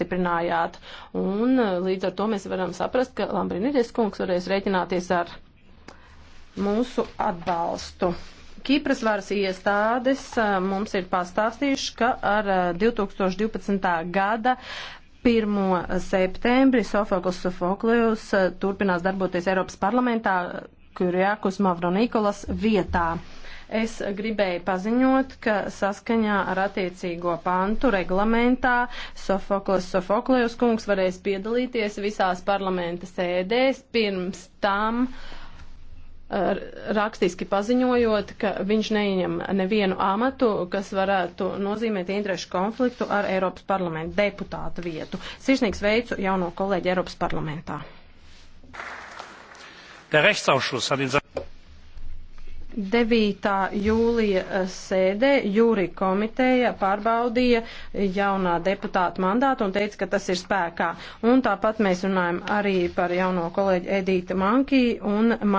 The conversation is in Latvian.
apstiprinājāt. Un eh, līdz ar to mēs varam saprast, ka Lambrinidis kungs varēs rēķināties ar mūsu atbalstu. Kīpras varas iestādes eh, mums ir pastāstījuši, ka ar 2012. Eh, gada 1. septembri Sofoklis Sofoklējus turpinās darboties Eiropas parlamentā Kurjākus Mavronīkolas vietā. Es gribēju paziņot, ka saskaņā ar attiecīgo pantu reglamentā Sofoklis Sofoklējus kungs varēs piedalīties visās parlamenta sēdēs pirms tam eh, rakstiski paziņojot, ka viņš neieņem nevienu amatu, kas varētu nozīmēt interešu konfliktu ar Eiropas parlamentu deputātu vietu. Sirsnīgs veicu jauno kolēģi Eiropas parlamentā. Der Rechtsausschuss hat in 9. jūlija eh, sēdē jūri komiteja pārbaudīja jaunā deputāta mandātu un teica, ka tas ir spēkā. Un tāpat mēs runājam arī par jauno kolēģi Edīti Mankī un Mar